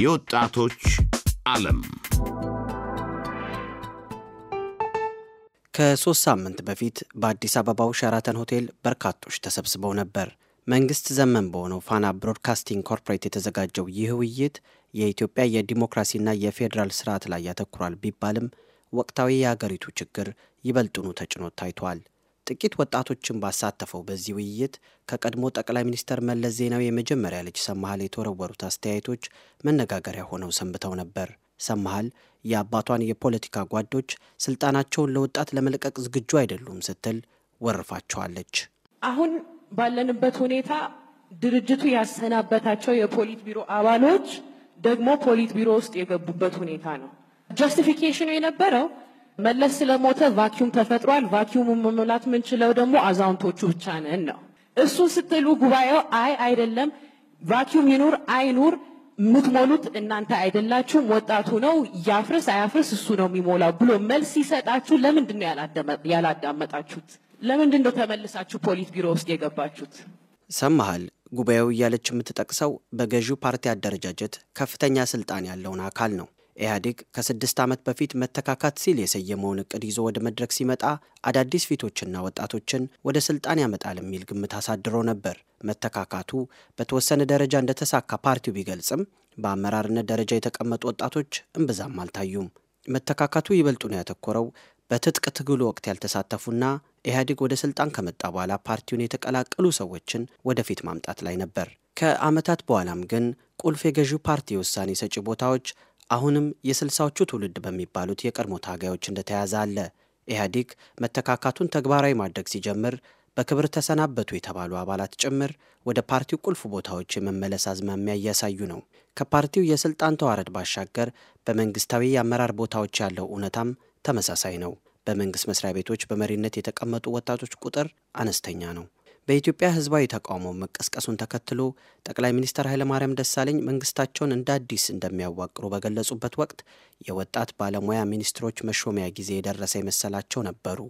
የወጣቶች ዓለም ከሶስት ሳምንት በፊት በአዲስ አበባው ሸራተን ሆቴል በርካቶች ተሰብስበው ነበር። መንግስት ዘመን በሆነው ፋና ብሮድካስቲንግ ኮርፖሬት የተዘጋጀው ይህ ውይይት የኢትዮጵያ የዲሞክራሲና የፌዴራል ስርዓት ላይ ያተኩራል ቢባልም ወቅታዊ የአገሪቱ ችግር ይበልጡኑ ተጭኖ ታይቷል። ጥቂት ወጣቶችን ባሳተፈው በዚህ ውይይት ከቀድሞ ጠቅላይ ሚኒስተር መለስ ዜናዊ የመጀመሪያ ልጅ ሰማሃል የተወረወሩት አስተያየቶች መነጋገሪያ ሆነው ሰንብተው ነበር። ሰማሃል የአባቷን የፖለቲካ ጓዶች ስልጣናቸውን ለወጣት ለመልቀቅ ዝግጁ አይደሉም ስትል ወርፋቸዋለች። አሁን ባለንበት ሁኔታ ድርጅቱ ያሰናበታቸው የፖሊት ቢሮ አባሎች ደግሞ ፖሊት ቢሮ ውስጥ የገቡበት ሁኔታ ነው። ጃስቲፊኬሽኑ የነበረው መለስ ስለሞተ ቫኪዩም ተፈጥሯል። ቫኪዩም መሙላት የምንችለው ደግሞ አዛውንቶቹ ብቻ ነን ነው። እሱን ስትሉ ጉባኤው አይ አይደለም፣ ቫኪዩም ይኑር አይኑር የምትሞሉት እናንተ አይደላችሁም፣ ወጣቱ ነው ያፍርስ አያፍርስ እሱ ነው የሚሞላው ብሎ መልስ ሲሰጣችሁ ለምንድን ነው ያላዳመጣችሁት? ለምንድን ነው ተመልሳችሁ ፖሊት ቢሮ ውስጥ የገባችሁት? ሰማሃል ጉባኤው እያለች የምትጠቅሰው በገዢው ፓርቲ አደረጃጀት ከፍተኛ ስልጣን ያለውን አካል ነው። ኢህአዴግ ከስድስት ዓመት በፊት መተካካት ሲል የሰየመውን እቅድ ይዞ ወደ መድረክ ሲመጣ አዳዲስ ፊቶችና ወጣቶችን ወደ ስልጣን ያመጣል የሚል ግምት አሳድሮ ነበር። መተካካቱ በተወሰነ ደረጃ እንደተሳካ ፓርቲው ቢገልጽም በአመራርነት ደረጃ የተቀመጡ ወጣቶች እምብዛም አልታዩም። መተካካቱ ይበልጡ ነው ያተኮረው በትጥቅ ትግሉ ወቅት ያልተሳተፉና ኢህአዴግ ወደ ስልጣን ከመጣ በኋላ ፓርቲውን የተቀላቀሉ ሰዎችን ወደፊት ማምጣት ላይ ነበር። ከዓመታት በኋላም ግን ቁልፍ የገዢው ፓርቲ ውሳኔ ሰጪ ቦታዎች አሁንም የስልሳዎቹ ትውልድ በሚባሉት የቀድሞ ታጋዮች እንደተያዘ አለ። ኢህአዴግ መተካካቱን ተግባራዊ ማድረግ ሲጀምር በክብር ተሰናበቱ የተባሉ አባላት ጭምር ወደ ፓርቲው ቁልፍ ቦታዎች የመመለስ አዝማሚያ እያሳዩ ነው። ከፓርቲው የስልጣን ተዋረድ ባሻገር በመንግስታዊ የአመራር ቦታዎች ያለው እውነታም ተመሳሳይ ነው። በመንግስት መስሪያ ቤቶች በመሪነት የተቀመጡ ወጣቶች ቁጥር አነስተኛ ነው። በኢትዮጵያ ህዝባዊ ተቃውሞ መቀስቀሱን ተከትሎ ጠቅላይ ሚኒስትር ኃይለማርያም ደሳለኝ መንግስታቸውን እንደ አዲስ እንደሚያዋቅሩ በገለጹበት ወቅት የወጣት ባለሙያ ሚኒስትሮች መሾሚያ ጊዜ የደረሰ የመሰላቸው ነበሩ።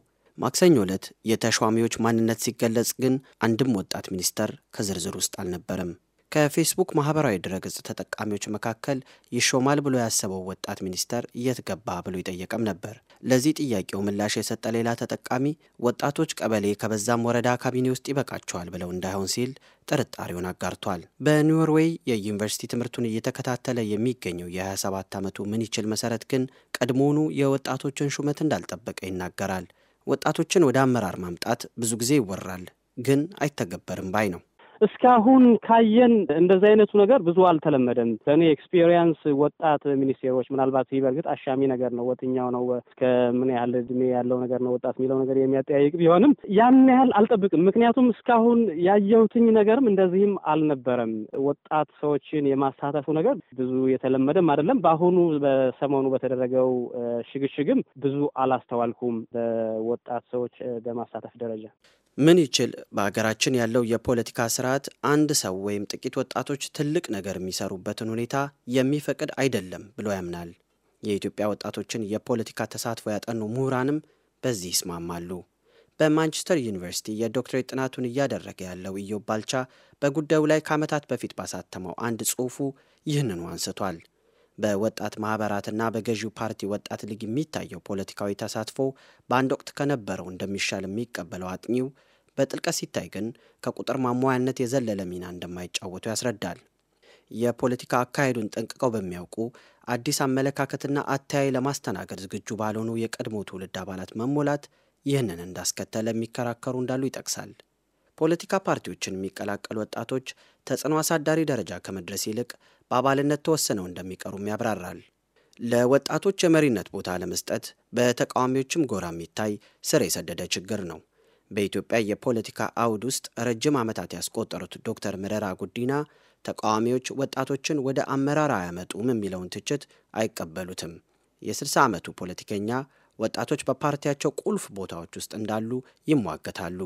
ማክሰኞ ዕለት የተሿሚዎች ማንነት ሲገለጽ ግን አንድም ወጣት ሚኒስተር ከዝርዝር ውስጥ አልነበረም። ከፌስቡክ ማህበራዊ ድረገጽ ተጠቃሚዎች መካከል ይሾማል ብሎ ያሰበው ወጣት ሚኒስተር የት ገባ ብሎ ይጠየቀም ነበር። ለዚህ ጥያቄው ምላሽ የሰጠ ሌላ ተጠቃሚ ወጣቶች ቀበሌ ከበዛም ወረዳ ካቢኔ ውስጥ ይበቃቸዋል ብለው እንዳይሆን ሲል ጥርጣሬውን አጋርቷል። በኖርዌይ የዩኒቨርሲቲ ትምህርቱን እየተከታተለ የሚገኘው የ27 ዓመቱ ምን ይችል መሰረት ግን ቀድሞውኑ የወጣቶችን ሹመት እንዳልጠበቀ ይናገራል። ወጣቶችን ወደ አመራር ማምጣት ብዙ ጊዜ ይወራል፣ ግን አይተገበርም ባይ ነው። እስካሁን ካየን እንደዚህ አይነቱ ነገር ብዙ አልተለመደም። በእኔ ኤክስፔሪየንስ ወጣት ሚኒስቴሮች ምናልባት ይህ በእርግጥ አሻሚ ነገር ነው። ወትኛው ነው እስከ ምን ያህል እድሜ ያለው ነገር ነው ወጣት የሚለው ነገር የሚያጠያይቅ ቢሆንም ያን ያህል አልጠብቅም። ምክንያቱም እስካሁን ያየሁትኝ ነገርም እንደዚህም አልነበረም። ወጣት ሰዎችን የማሳተፉ ነገር ብዙ የተለመደም አይደለም። በአሁኑ በሰሞኑ በተደረገው ሽግሽግም ብዙ አላስተዋልኩም በወጣት ሰዎች በማሳተፍ ደረጃ ምን ይችል በሀገራችን ያለው የፖለቲካ ስርዓት አንድ ሰው ወይም ጥቂት ወጣቶች ትልቅ ነገር የሚሰሩበትን ሁኔታ የሚፈቅድ አይደለም ብሎ ያምናል። የኢትዮጵያ ወጣቶችን የፖለቲካ ተሳትፎ ያጠኑ ምሁራንም በዚህ ይስማማሉ። በማንቸስተር ዩኒቨርሲቲ የዶክትሬት ጥናቱን እያደረገ ያለው ኢዮብ ባልቻ በጉዳዩ ላይ ከዓመታት በፊት ባሳተመው አንድ ጽሑፉ ይህንኑ አንስቷል። በወጣት ማህበራትና በገዢው ፓርቲ ወጣት ሊግ የሚታየው ፖለቲካዊ ተሳትፎ በአንድ ወቅት ከነበረው እንደሚሻል የሚቀበለው አጥኚው በጥልቀት ሲታይ ግን ከቁጥር ማሟያነት የዘለለ ሚና እንደማይጫወቱ ያስረዳል። የፖለቲካ አካሄዱን ጠንቅቀው በሚያውቁ አዲስ አመለካከትና አተያይ ለማስተናገድ ዝግጁ ባልሆኑ የቀድሞ ትውልድ አባላት መሞላት ይህንን እንዳስከተለ የሚከራከሩ እንዳሉ ይጠቅሳል። ፖለቲካ ፓርቲዎችን የሚቀላቀሉ ወጣቶች ተጽዕኖ አሳዳሪ ደረጃ ከመድረስ ይልቅ በአባልነት ተወስነው እንደሚቀሩም ያብራራል። ለወጣቶች የመሪነት ቦታ ለመስጠት በተቃዋሚዎችም ጎራ የሚታይ ስር የሰደደ ችግር ነው። በኢትዮጵያ የፖለቲካ አውድ ውስጥ ረጅም ዓመታት ያስቆጠሩት ዶክተር መረራ ጉዲና ተቃዋሚዎች ወጣቶችን ወደ አመራር አያመጡም የሚለውን ትችት አይቀበሉትም። የ60 ዓመቱ ፖለቲከኛ ወጣቶች በፓርቲያቸው ቁልፍ ቦታዎች ውስጥ እንዳሉ ይሟገታሉ።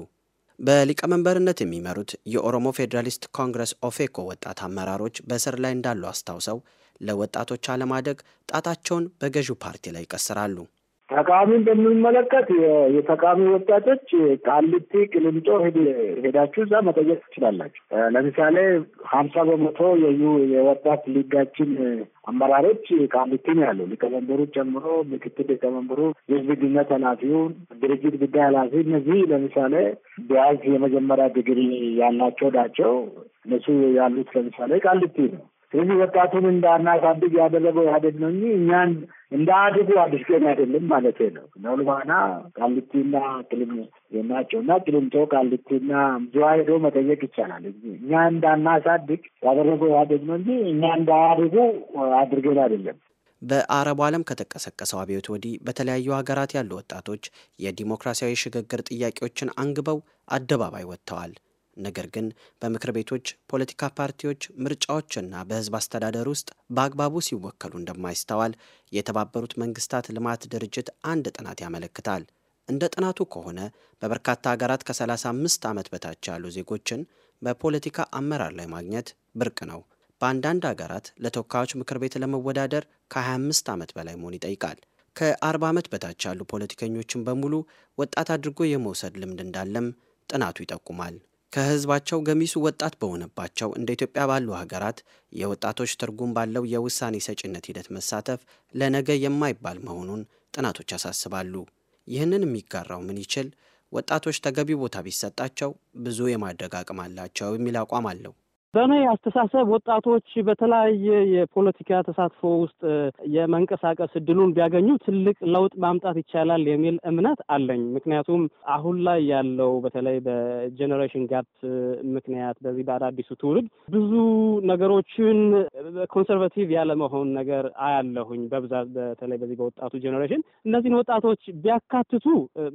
በሊቀመንበርነት የሚመሩት የኦሮሞ ፌዴራሊስት ኮንግረስ ኦፌኮ ወጣት አመራሮች በእስር ላይ እንዳሉ አስታውሰው ለወጣቶች አለማደግ ጣታቸውን በገዢው ፓርቲ ላይ ይቀስራሉ። ተቃዋሚን በምንመለከት የተቃዋሚ ወጣቶች ቃሊቲ፣ ቅልንጦ ሄዳችሁ እዛ መጠየቅ ትችላላችሁ። ለምሳሌ ሀምሳ በመቶ የዩ የወጣት ሊጋችን አመራሮች ቃሊቲ ያሉ ሊቀመንበሩ ጨምሮ ምክትል ሊቀመንበሩ፣ የህዝብ ግንኙነት ኃላፊው፣ ድርጅት ጉዳይ ኃላፊ እነዚህ ለምሳሌ ቢያዝ የመጀመሪያ ዲግሪ ያላቸው ናቸው። እነሱ ያሉት ለምሳሌ ቃሊቲ ነው። ስለዚህ ወጣቱን እንዳናሳድግ ያደረገው ኢህአዴግ ነው እንጂ እኛን እንደ አድጉ ገኝ አይደለም ማለት ነው። ኖልዋና ቃሊቲና ቅልም የናቸው እና ቅልምቶ ቃሊቲና ዝዋ ሄዶ መጠየቅ ይቻላል። እኛ እንዳናሳድግ ያደረገው ኢህአዴግ ነው እንጂ እኛ እንዳያድጉ አድርገን አይደለም። በአረቡ ዓለም ከተቀሰቀሰው አብዮት ወዲህ በተለያዩ ሀገራት ያሉ ወጣቶች የዲሞክራሲያዊ ሽግግር ጥያቄዎችን አንግበው አደባባይ ወጥተዋል። ነገር ግን በምክር ቤቶች፣ ፖለቲካ ፓርቲዎች፣ ምርጫዎችና በህዝብ አስተዳደር ውስጥ በአግባቡ ሲወከሉ እንደማይስተዋል የተባበሩት መንግስታት ልማት ድርጅት አንድ ጥናት ያመለክታል። እንደ ጥናቱ ከሆነ በበርካታ ሀገራት ከ35 ዓመት በታች ያሉ ዜጎችን በፖለቲካ አመራር ላይ ማግኘት ብርቅ ነው። በአንዳንድ ሀገራት ለተወካዮች ምክር ቤት ለመወዳደር ከ25 ዓመት በላይ መሆን ይጠይቃል። ከ40 ዓመት በታች ያሉ ፖለቲከኞችን በሙሉ ወጣት አድርጎ የመውሰድ ልምድ እንዳለም ጥናቱ ይጠቁማል። ከህዝባቸው ገሚሱ ወጣት በሆነባቸው እንደ ኢትዮጵያ ባሉ ሀገራት የወጣቶች ትርጉም ባለው የውሳኔ ሰጭነት ሂደት መሳተፍ ለነገ የማይባል መሆኑን ጥናቶች ያሳስባሉ። ይህንን የሚጋራው ምን ይችል? ወጣቶች ተገቢ ቦታ ቢሰጣቸው ብዙ የማድረግ አቅም አላቸው የሚል አቋም አለው። በእኔ አስተሳሰብ ወጣቶች በተለያየ የፖለቲካ ተሳትፎ ውስጥ የመንቀሳቀስ እድሉን ቢያገኙ ትልቅ ለውጥ ማምጣት ይቻላል የሚል እምነት አለኝ። ምክንያቱም አሁን ላይ ያለው በተለይ በጀኔሬሽን ጋፕ ምክንያት በዚህ በአዳዲሱ ትውልድ ብዙ ነገሮችን ኮንሰርቫቲቭ ያለመሆን ነገር አያለሁኝ በብዛት በተለይ በዚህ በወጣቱ ጀኔሬሽን እነዚህን ወጣቶች ቢያካትቱ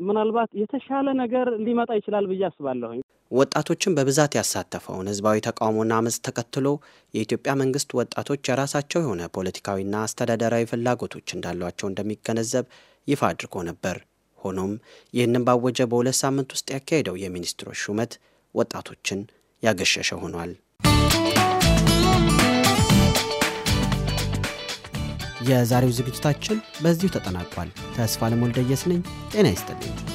ምናልባት የተሻለ ነገር ሊመጣ ይችላል ብዬ አስባለሁኝ። ወጣቶችን በብዛት ያሳተፈውን ህዝባዊ ተቃውሞ የወጣውን አመፅ ተከትሎ የኢትዮጵያ መንግስት ወጣቶች የራሳቸው የሆነ ፖለቲካዊና አስተዳደራዊ ፍላጎቶች እንዳሏቸው እንደሚገነዘብ ይፋ አድርጎ ነበር። ሆኖም ይህንን ባወጀ በሁለት ሳምንት ውስጥ ያካሄደው የሚኒስትሮች ሹመት ወጣቶችን ያገሸሸ ሆኗል። የዛሬው ዝግጅታችን በዚሁ ተጠናቋል። ተስፋ ለሞልደየስ ነኝ። ጤና ይስጥልኝ።